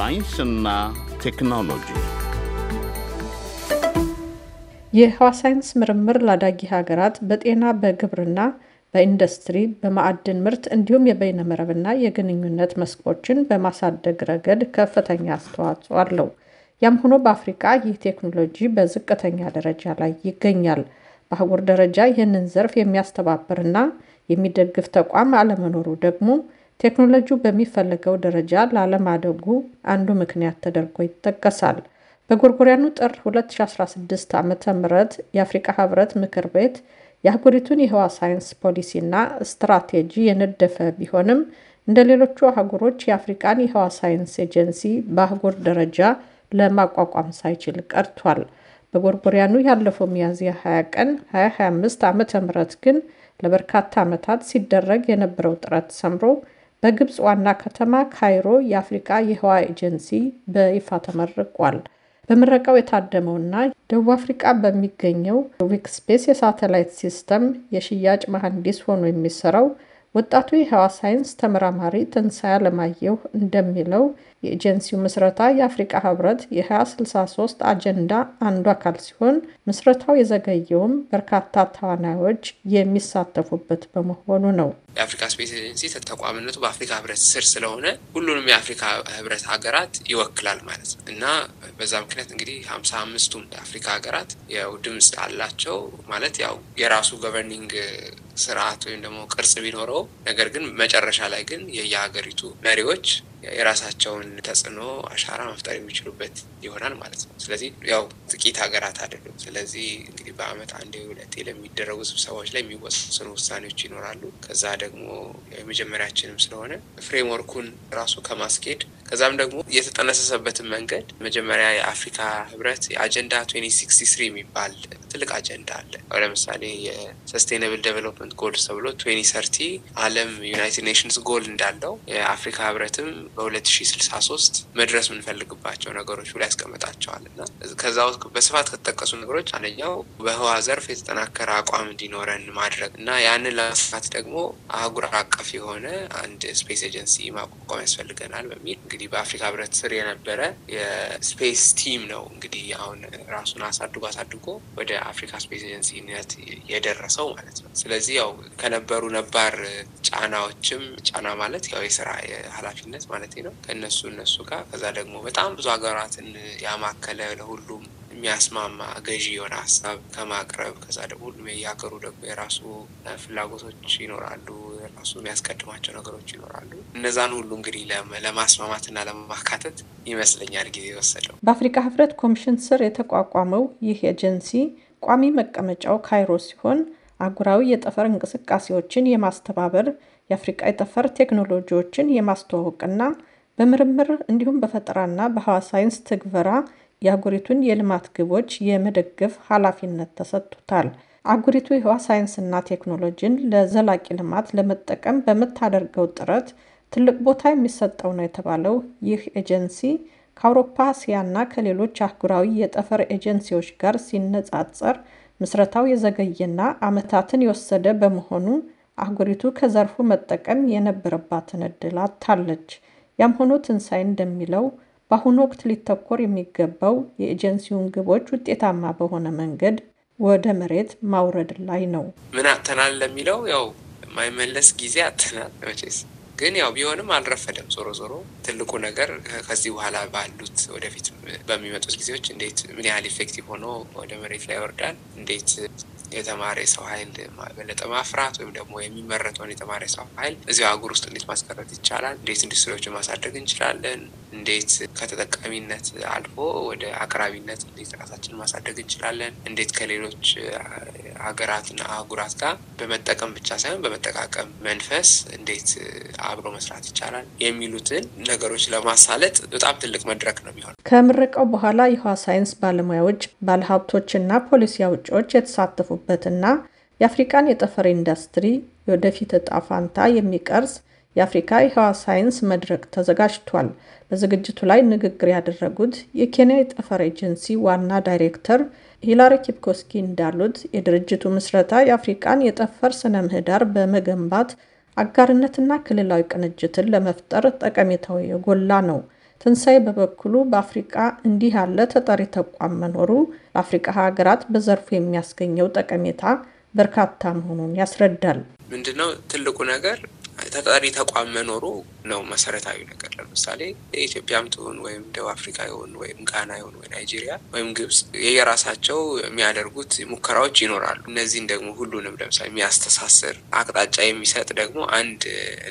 ሳይንስና ቴክኖሎጂ የህዋ ሳይንስ ምርምር ላዳጊ ሀገራት በጤና፣ በግብርና፣ በኢንዱስትሪ፣ በማዕድን ምርት እንዲሁም የበይነመረብና የግንኙነት መስኮችን በማሳደግ ረገድ ከፍተኛ አስተዋጽኦ አለው። ያም ሆኖ በአፍሪካ ይህ ቴክኖሎጂ በዝቅተኛ ደረጃ ላይ ይገኛል። በአህጉር ደረጃ ይህንን ዘርፍ የሚያስተባብርና የሚደግፍ ተቋም አለመኖሩ ደግሞ ቴክኖሎጂው በሚፈለገው ደረጃ ላለማደጉ አንዱ ምክንያት ተደርጎ ይጠቀሳል። በጎርጎሪያኑ ጥር 2016 ዓ ም የአፍሪካ ህብረት ምክር ቤት የአህጉሪቱን የህዋ ሳይንስ ፖሊሲና ስትራቴጂ የነደፈ ቢሆንም እንደ ሌሎቹ አህጉሮች የአፍሪቃን የህዋ ሳይንስ ኤጀንሲ በአህጉር ደረጃ ለማቋቋም ሳይችል ቀርቷል። በጎርጎሪያኑ ያለፈው ሚያዝያ 20 ቀን 2025 ዓ ም ግን ለበርካታ ዓመታት ሲደረግ የነበረው ጥረት ሰምሮ በግብፅ ዋና ከተማ ካይሮ የአፍሪቃ የህዋ ኤጀንሲ በይፋ ተመርቋል። በምረቃው የታደመውና ደቡብ አፍሪቃ በሚገኘው ዊክስፔስ የሳተላይት ሲስተም የሽያጭ መሐንዲስ ሆኖ የሚሰራው ወጣቱ የህዋ ሳይንስ ተመራማሪ ትንሣኤ አለማየሁ እንደሚለው የኤጀንሲው ምስረታ የአፍሪካ ህብረት የ2063 አጀንዳ አንዱ አካል ሲሆን ምስረታው የዘገየውም በርካታ ተዋናዮች የሚሳተፉበት በመሆኑ ነው። የአፍሪካ ስፔስ ኤጀንሲ ተቋምነቱ በአፍሪካ ህብረት ስር ስለሆነ ሁሉንም የአፍሪካ ህብረት ሀገራት ይወክላል ማለት ነው እና በዛ ምክንያት እንግዲህ ሀምሳ አምስቱም የአፍሪካ ሀገራት ያው ድምፅ አላቸው ማለት ያው የራሱ ገቨርኒንግ ስርዓት ወይም ደግሞ ቅርጽ ቢኖረው ነገር ግን መጨረሻ ላይ ግን የየሀገሪቱ መሪዎች የራሳቸውን ተጽዕኖ አሻራ መፍጠር የሚችሉበት ይሆናል ማለት ነው። ስለዚህ ያው ጥቂት ሀገራት አይደሉም። ስለዚህ እንግዲህ በዓመት አንዴ ሁለቴ ለሚደረጉ ስብሰባዎች ላይ የሚወሰኑ ውሳኔዎች ይኖራሉ። ከዛ ደግሞ የመጀመሪያችንም ስለሆነ ፍሬምወርኩን ራሱ ከማስኬድ ከዛም ደግሞ የተጠነሰሰበትን መንገድ መጀመሪያ የአፍሪካ ህብረት የአጀንዳ ትዌንቲ የሚባል ትልቅ አጀንዳ አለ። ለምሳሌ የሰስቴናብል ዴቨሎፕመንት ጎልስ ተብሎ ትዌንቲ አለም ዩናይትድ ኔሽንስ ጎል እንዳለው የአፍሪካ ህብረትም በ2063 መድረስ የምንፈልግባቸው ነገሮች ብሎ ያስቀምጣቸዋል እና ከዛ ውስጥ በስፋት ከተጠቀሱ ነገሮች አንደኛው በህዋ ዘርፍ የተጠናከረ አቋም እንዲኖረን ማድረግ እና ያንን ለመስፋት ደግሞ አህጉር አቀፍ የሆነ አንድ ስፔስ ኤጀንሲ ማቋቋም ያስፈልገናል በሚል እንግዲህ በአፍሪካ ህብረት ስር የነበረ የስፔስ ቲም ነው እንግዲህ አሁን ራሱን አሳድጎ አሳድጎ ወደ አፍሪካ ስፔስ ኤጀንሲነት የደረሰው ማለት ነው። ስለዚህ ያው ከነበሩ ነባር ጫናዎችም ጫና ማለት ያው የስራ ኃላፊነት ማለት ነው። ከእነሱ እነሱ ጋር ከዛ ደግሞ በጣም ብዙ ሀገራትን ያማከለ ለሁሉም የሚያስማማ ገዢ የሆነ ሀሳብ ከማቅረብ ከዛ ደግሞ ሁሉም የሀገሩ ደግሞ የራሱ ፍላጎቶች ይኖራሉ፣ የራሱ የሚያስቀድማቸው ነገሮች ይኖራሉ። እነዛን ሁሉ እንግዲህ ለማስማማትና ለማካተት ይመስለኛል ጊዜ የወሰደው። በአፍሪካ ህብረት ኮሚሽን ስር የተቋቋመው ይህ ኤጀንሲ ቋሚ መቀመጫው ካይሮ ሲሆን አህጉራዊ የጠፈር እንቅስቃሴዎችን የማስተባበር የአፍሪቃ የጠፈር ቴክኖሎጂዎችን የማስተዋወቅና በምርምር እንዲሁም በፈጠራና በህዋ ሳይንስ ትግበራ የአህጉሪቱን የልማት ግቦች የመደገፍ ኃላፊነት ተሰጥቶታል። አህጉሪቱ የህዋ ሳይንስና ቴክኖሎጂን ለዘላቂ ልማት ለመጠቀም በምታደርገው ጥረት ትልቅ ቦታ የሚሰጠው ነው የተባለው ይህ ኤጀንሲ ከአውሮፓ፣ እስያና ከሌሎች አህጉራዊ የጠፈር ኤጀንሲዎች ጋር ሲነጻጸር ምስረታው የዘገየና ዓመታትን የወሰደ በመሆኑ አህጉሪቱ ከዘርፉ መጠቀም የነበረባትን እድል አታለች። ያም ሆኖ ትንሳኤ እንደሚለው በአሁኑ ወቅት ሊተኮር የሚገባው የኤጀንሲውን ግቦች ውጤታማ በሆነ መንገድ ወደ መሬት ማውረድ ላይ ነው። ምን አተናል ለሚለው ያው የማይመለስ ጊዜ አተናል መቼስ ግን ያው ቢሆንም አልረፈደም። ዞሮ ዞሮ ትልቁ ነገር ከዚህ በኋላ ባሉት ወደፊት በሚመጡት ጊዜዎች እንዴት ምን ያህል ኢፌክቲቭ ሆኖ ወደ መሬት ላይ ይወርዳል እንዴት የተማረ ሰው ኃይል በለጠ ማፍራት ወይም ደግሞ የሚመረተውን የተማረ ሰው ኃይል እዚያ አህጉር ውስጥ እንዴት ማስቀረት ይቻላል፣ እንዴት ኢንዱስትሪዎችን ማሳደግ እንችላለን፣ እንዴት ከተጠቃሚነት አልፎ ወደ አቅራቢነት እንዴት ራሳችን ማሳደግ እንችላለን፣ እንዴት ከሌሎች ሀገራትና አህጉራት ጋር በመጠቀም ብቻ ሳይሆን በመጠቃቀም መንፈስ እንዴት አብሮ መስራት ይቻላል የሚሉትን ነገሮች ለማሳለጥ በጣም ትልቅ መድረክ ነው የሚሆነው። ከምረቃው በኋላ የህዋ ሳይንስ ባለሙያዎች፣ ባለሀብቶችና ፖሊሲ አውጪዎች የተሳተፉ የሚያተኩሩበትና የአፍሪካን የጠፈር ኢንዱስትሪ የወደፊት እጣ ፋንታ የሚቀርጽ የአፍሪካ የህዋ ሳይንስ መድረክ ተዘጋጅቷል። በዝግጅቱ ላይ ንግግር ያደረጉት የኬንያ የጠፈር ኤጀንሲ ዋና ዳይሬክተር ሂላሪ ኪፕኮስኪ እንዳሉት የድርጅቱ ምስረታ የአፍሪካን የጠፈር ስነ ምህዳር በመገንባት አጋርነትና ክልላዊ ቅንጅትን ለመፍጠር ጠቀሜታው የጎላ ነው። ትንሣኤ በበኩሉ በአፍሪቃ እንዲህ ያለ ተጠሪ ተቋም መኖሩ ለአፍሪቃ ሀገራት በዘርፉ የሚያስገኘው ጠቀሜታ በርካታ መሆኑን ያስረዳል። ምንድነው ትልቁ ነገር ተጠሪ ተቋም መኖሩ ነው መሰረታዊ ነገር። ለምሳሌ የኢትዮጵያም ትሁን ወይም ደቡብ አፍሪካ የሆን ወይም ጋና የሆን ወይ ናይጄሪያ ወይም ግብጽ የየራሳቸው የሚያደርጉት ሙከራዎች ይኖራሉ። እነዚህን ደግሞ ሁሉንም ለምሳሌ የሚያስተሳስር አቅጣጫ የሚሰጥ ደግሞ አንድ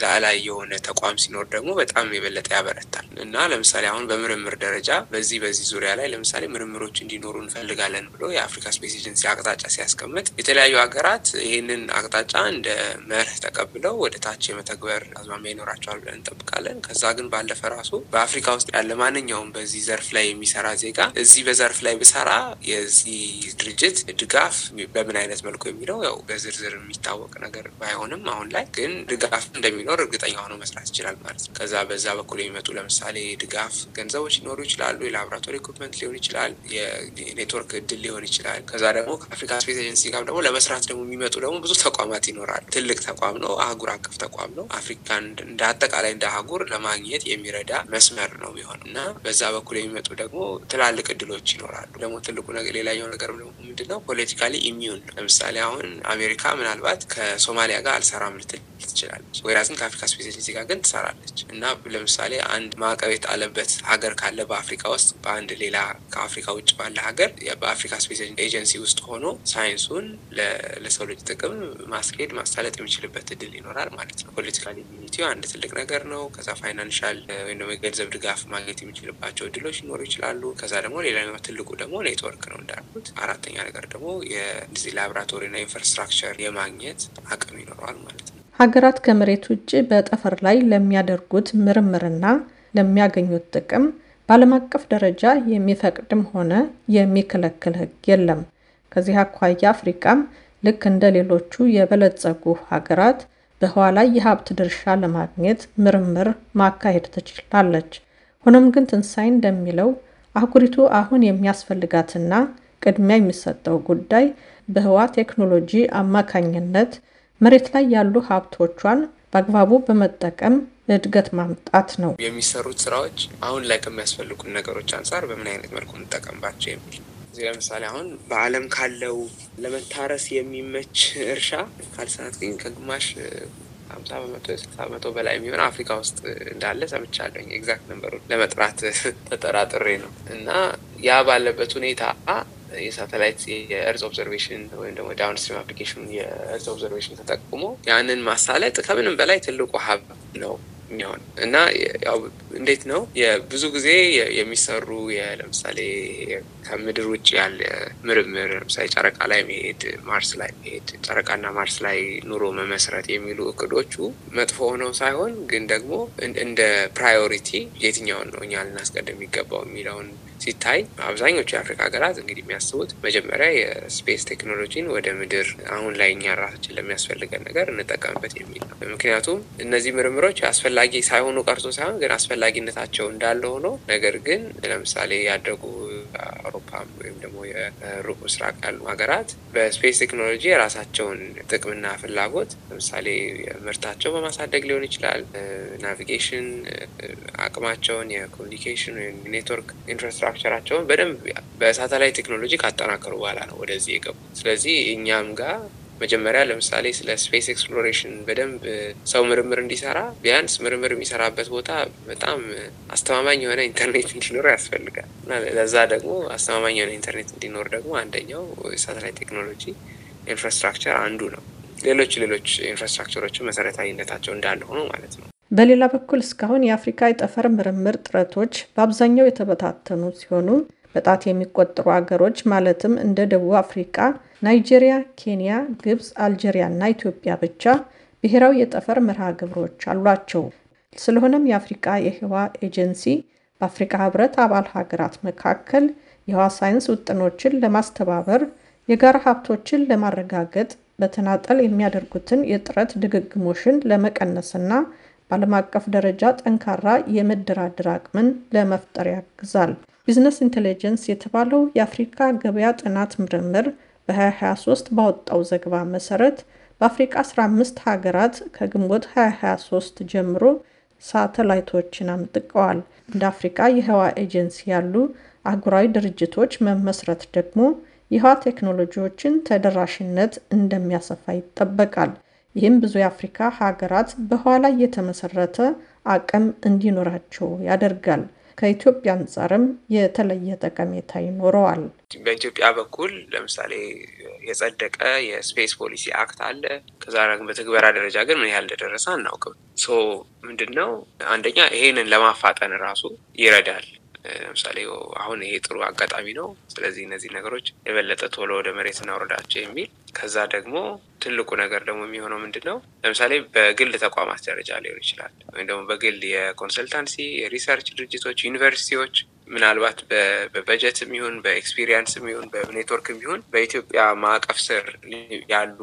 ላዕላይ የሆነ ተቋም ሲኖር ደግሞ በጣም የበለጠ ያበረታል እና ለምሳሌ አሁን በምርምር ደረጃ በዚህ በዚህ ዙሪያ ላይ ለምሳሌ ምርምሮች እንዲኖሩ እንፈልጋለን ብሎ የአፍሪካ ስፔስ ኤጀንሲ አቅጣጫ ሲያስቀምጥ የተለያዩ ሀገራት ይህንን አቅጣጫ እንደ መርህ ተቀብለው ወደ ታች የመተግበር አዝማሚያ ይኖራቸዋል ብለን እንጠብቃለን። ከዛ ግን ባለፈ ራሱ በአፍሪካ ውስጥ ያለ ማንኛውም በዚህ ዘርፍ ላይ የሚሰራ ዜጋ እዚህ በዘርፍ ላይ ብሰራ የዚህ ድርጅት ድጋፍ በምን አይነት መልኩ የሚለው ያው በዝርዝር የሚታወቅ ነገር ባይሆንም አሁን ላይ ግን ድጋፍ እንደሚኖር እርግጠኛ ሆኖ መስራት ይችላል ማለት ነው። ከዛ በዛ በኩል የሚመጡ ለምሳሌ ድጋፍ ገንዘቦች ሊኖሩ ይችላሉ። የላቦራቶሪ ኢኩፕመንት ሊሆን ይችላል። የኔትወርክ እድል ሊሆን ይችላል። ከዛ ደግሞ ከአፍሪካ ስፔስ ኤጀንሲ ጋር ደግሞ ለመስራት ደግሞ የሚመጡ ደግሞ ብዙ ተቋማት ይኖራል። ትልቅ ተቋም ነው። አህጉር አቀፍ ተቋም ነው። አፍሪካን እንደ አጠቃላይ አጠቃላይ እንደ አህጉር ለማግኘት የሚረዳ መስመር ነው የሚሆን እና በዛ በኩል የሚመጡ ደግሞ ትላልቅ እድሎች ይኖራሉ። ደግሞ ትልቁ ነገር ሌላኛው ነገር ምንድነው ፖለቲካሊ ኢሚዩን ለምሳሌ አሁን አሜሪካ ምናልባት ከሶማሊያ ጋር አልሰራም ልትል ትችላለች፣ ወይራዝን ከአፍሪካ ስፔሲፊክ ጋር ግን ትሰራለች እና ለምሳሌ አንድ ማዕቀብ አለበት ሀገር ካለ በአፍሪካ ውስጥ በአንድ ሌላ ከአፍሪካ ውጭ ባለ ሀገር በአፍሪካ ስፔስ ኤጀንሲ ውስጥ ሆኖ ሳይንሱን ለሰው ልጅ ጥቅም ማስኬድ ማሳለጥ የሚችልበት እድል ይኖራል ማለት ነው። ፖለቲካል ኢሚዩኒቲ አንድ ትልቅ ነገር ነገር ነው። ከዛ ፋይናንሻል eh, ወይም ደግሞ የገንዘብ ድጋፍ ማግኘት የሚችልባቸው እድሎች ሊኖሩ ይችላሉ። ከዛ ደግሞ ሌላኛው ትልቁ ደግሞ ኔትወርክ ነው እንዳልኩት። አራተኛ ነገር ደግሞ የዚህ ላቦራቶሪና ኢንፍራስትራክቸር የማግኘት አቅም ይኖረዋል ማለት ነው። ሀገራት ከመሬት ውጭ በጠፈር ላይ ለሚያደርጉት ምርምርና ለሚያገኙት ጥቅም በዓለም አቀፍ ደረጃ የሚፈቅድም ሆነ የሚከለክል ሕግ የለም። ከዚህ አኳያ አፍሪቃም ልክ እንደ ሌሎቹ የበለጸጉ ሀገራት በኋላ የሀብት ድርሻ ለማግኘት ምርምር ማካሄድ ትችላለች። ሆኖም ግን ትንሳኤ እንደሚለው አህጉሪቱ አሁን የሚያስፈልጋትና ቅድሚያ የሚሰጠው ጉዳይ በህዋ ቴክኖሎጂ አማካኝነት መሬት ላይ ያሉ ሀብቶቿን በአግባቡ በመጠቀም እድገት ማምጣት ነው። የሚሰሩት ስራዎች አሁን ላይ ከሚያስፈልጉን ነገሮች አንጻር በምን አይነት መልኩ እንጠቀምባቸው የሚል እዚህ ለምሳሌ አሁን በዓለም ካለው ለመታረስ የሚመች እርሻ ካልሰናት ግን ከግማሽ ሀምሳ በመቶ የስልሳ በመቶ በላይ የሚሆን አፍሪካ ውስጥ እንዳለ ሰምቻለሁ። ኤግዛክት ነንበሩ ለመጥራት ተጠራጥሬ ነው። እና ያ ባለበት ሁኔታ የሳተላይት የእርዝ ኦብዘርቬሽን ወይም ደግሞ ዳውንስትሪም አፕሊኬሽን የእርዝ ኦብዘርቬሽን ተጠቁሞ ያንን ማሳለጥ ከምንም በላይ ትልቁ ሀብ ነው። ይሆን እና እንዴት ነው ብዙ ጊዜ የሚሰሩ ለምሳሌ ከምድር ውጭ ያለ ምርምር ለምሳሌ ጨረቃ ላይ መሄድ፣ ማርስ ላይ መሄድ፣ ጨረቃና ማርስ ላይ ኑሮ መመስረት የሚሉ እቅዶቹ መጥፎ ሆነው ሳይሆን ግን ደግሞ እንደ ፕራዮሪቲ የትኛውን ነው እኛ ልናስቀድም የሚገባው የሚለውን ሲታይ አብዛኞቹ የአፍሪካ ሀገራት እንግዲህ የሚያስቡት መጀመሪያ የስፔስ ቴክኖሎጂን ወደ ምድር አሁን ላይ እኛ ራሳችን ለሚያስፈልገን ነገር እንጠቀምበት የሚል ነው። ምክንያቱም እነዚህ ምርምሮች አስፈላጊ ሳይሆኑ ቀርቶ ሳይሆን ግን አስፈላጊነታቸው እንዳለ ሆኖ ነገር ግን ለምሳሌ ያደጉ በአውሮፓ ወይም ደግሞ የሩቅ ምስራቅ ያሉ ሀገራት በስፔስ ቴክኖሎጂ የራሳቸውን ጥቅምና ፍላጎት ለምሳሌ ምርታቸው በማሳደግ ሊሆን ይችላል። ናቪጌሽን አቅማቸውን፣ የኮሚኒኬሽን ወይም ኔትወርክ ኢንፍራስትራክቸራቸውን በደንብ በሳተላይት ቴክኖሎጂ ካጠናከሩ በኋላ ነው ወደዚህ የገቡ። ስለዚህ እኛም ጋር መጀመሪያ ለምሳሌ ስለ ስፔስ ኤክስፕሎሬሽን በደንብ ሰው ምርምር እንዲሰራ ቢያንስ ምርምር የሚሰራበት ቦታ በጣም አስተማማኝ የሆነ ኢንተርኔት እንዲኖር ያስፈልጋል ለዛ ደግሞ አስተማማኝ የሆነ ኢንተርኔት እንዲኖር ደግሞ አንደኛው ሳተላይት ቴክኖሎጂ ኢንፍራስትራክቸር አንዱ ነው። ሌሎች ሌሎች ኢንፍራስትራክቸሮችን መሰረታዊነታቸው እንዳለ ሆኖ ማለት ነው። በሌላ በኩል እስካሁን የአፍሪካ የጠፈር ምርምር ጥረቶች በአብዛኛው የተበታተኑ ሲሆኑ በጣት የሚቆጠሩ አገሮች ማለትም እንደ ደቡብ አፍሪካ፣ ናይጄሪያ፣ ኬንያ፣ ግብፅ፣ አልጄሪያ እና ኢትዮጵያ ብቻ ብሔራዊ የጠፈር መርሃ ግብሮች አሏቸው። ስለሆነም የአፍሪካ የህዋ ኤጀንሲ በአፍሪካ ህብረት አባል ሀገራት መካከል የህዋ ሳይንስ ውጥኖችን ለማስተባበር የጋራ ሀብቶችን ለማረጋገጥ በተናጠል የሚያደርጉትን የጥረት ድግግሞሽን ለመቀነስና በዓለም አቀፍ ደረጃ ጠንካራ የመደራደር አቅምን ለመፍጠር ያግዛል። ቢዝነስ ኢንቴሊጀንስ የተባለው የአፍሪካ ገበያ ጥናት ምርምር በ2023 ባወጣው ዘገባ መሰረት በአፍሪካ 15 ሀገራት ከግንቦት 2023 ጀምሮ ሳተላይቶችን አምጥቀዋል። እንደ አፍሪካ የህዋ ኤጀንሲ ያሉ አህጉራዊ ድርጅቶች መመስረት ደግሞ የህዋ ቴክኖሎጂዎችን ተደራሽነት እንደሚያሰፋ ይጠበቃል። ይህም ብዙ የአፍሪካ ሀገራት በህዋ ላይ የተመሰረተ አቅም እንዲኖራቸው ያደርጋል። ከኢትዮጵያ አንጻርም የተለየ ጠቀሜታ ይኖረዋል። በኢትዮጵያ በኩል ለምሳሌ የጸደቀ የስፔስ ፖሊሲ አክት አለ። ከዛ በትግበራ ደረጃ ግን ምን ያህል እንደደረሰ አናውቅም። ሶ ምንድን ነው አንደኛ ይሄንን ለማፋጠን ራሱ ይረዳል። ለምሳሌ አሁን ይሄ ጥሩ አጋጣሚ ነው፣ ስለዚህ እነዚህ ነገሮች የበለጠ ቶሎ ወደ መሬት እናውረዳቸው የሚል ከዛ ደግሞ ትልቁ ነገር ደግሞ የሚሆነው ምንድን ነው? ለምሳሌ በግል ተቋማት ደረጃ ሊሆን ይችላል ወይም ደግሞ በግል የኮንሰልታንሲ የሪሰርች ድርጅቶች፣ ዩኒቨርሲቲዎች ምናልባት በበጀት ይሁን በኤክስፒሪየንስም ይሁን በኔትወርክ ይሁን በኢትዮጵያ ማዕቀፍ ስር ያሉ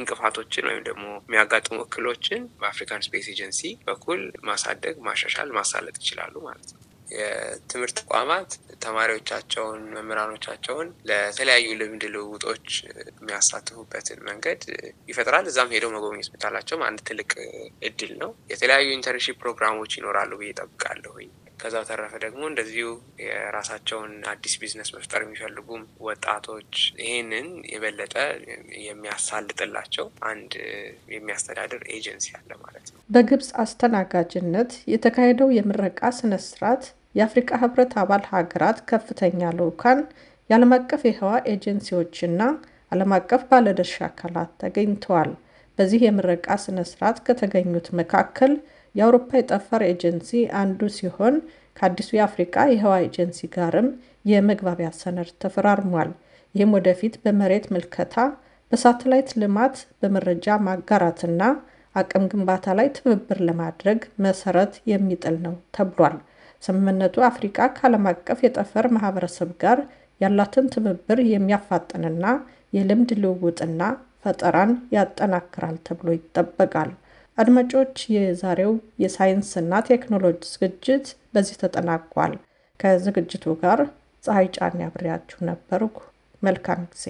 እንቅፋቶችን ወይም ደግሞ የሚያጋጥሙ እክሎችን በአፍሪካን ስፔስ ኤጀንሲ በኩል ማሳደግ፣ ማሻሻል፣ ማሳለጥ ይችላሉ ማለት ነው። የትምህርት ተቋማት ተማሪዎቻቸውን፣ መምህራኖቻቸውን ለተለያዩ ልምድ ልውውጦች የሚያሳትፉበትን መንገድ ይፈጥራል። እዛም ሄደው መጎብኘት መቻላቸውም አንድ ትልቅ እድል ነው። የተለያዩ ኢንተርንሺፕ ፕሮግራሞች ይኖራሉ ብዬ ጠብቃለሁ ከዛ በተረፈ ደግሞ እንደዚሁ የራሳቸውን አዲስ ቢዝነስ መፍጠር የሚፈልጉም ወጣቶች ይህንን የበለጠ የሚያሳልጥላቸው አንድ የሚያስተዳድር ኤጀንሲ አለ ማለት ነው። በግብፅ አስተናጋጅነት የተካሄደው የምረቃ ስነስርዓት የአፍሪካ ህብረት አባል ሀገራት ከፍተኛ ልዑካን፣ የዓለም አቀፍ የህዋ ኤጀንሲዎችና ዓለም አቀፍ ባለድርሻ አካላት ተገኝተዋል። በዚህ የምረቃ ስነ ስርዓት ከተገኙት መካከል የአውሮፓ የጠፈር ኤጀንሲ አንዱ ሲሆን ከአዲሱ የአፍሪካ የህዋ ኤጀንሲ ጋርም የመግባቢያ ሰነድ ተፈራርሟል። ይህም ወደፊት በመሬት ምልከታ፣ በሳተላይት ልማት፣ በመረጃ ማጋራትና አቅም ግንባታ ላይ ትብብር ለማድረግ መሰረት የሚጥል ነው ተብሏል። ስምምነቱ አፍሪቃ ከዓለም አቀፍ የጠፈር ማህበረሰብ ጋር ያላትን ትብብር የሚያፋጥንና የልምድ ልውውጥና ፈጠራን ያጠናክራል ተብሎ ይጠበቃል። አድማጮች፣ የዛሬው የሳይንስና ቴክኖሎጂ ዝግጅት በዚህ ተጠናቋል። ከዝግጅቱ ጋር ፀሐይ ጫን ያብሬያችሁ ነበርኩ። መልካም ጊዜ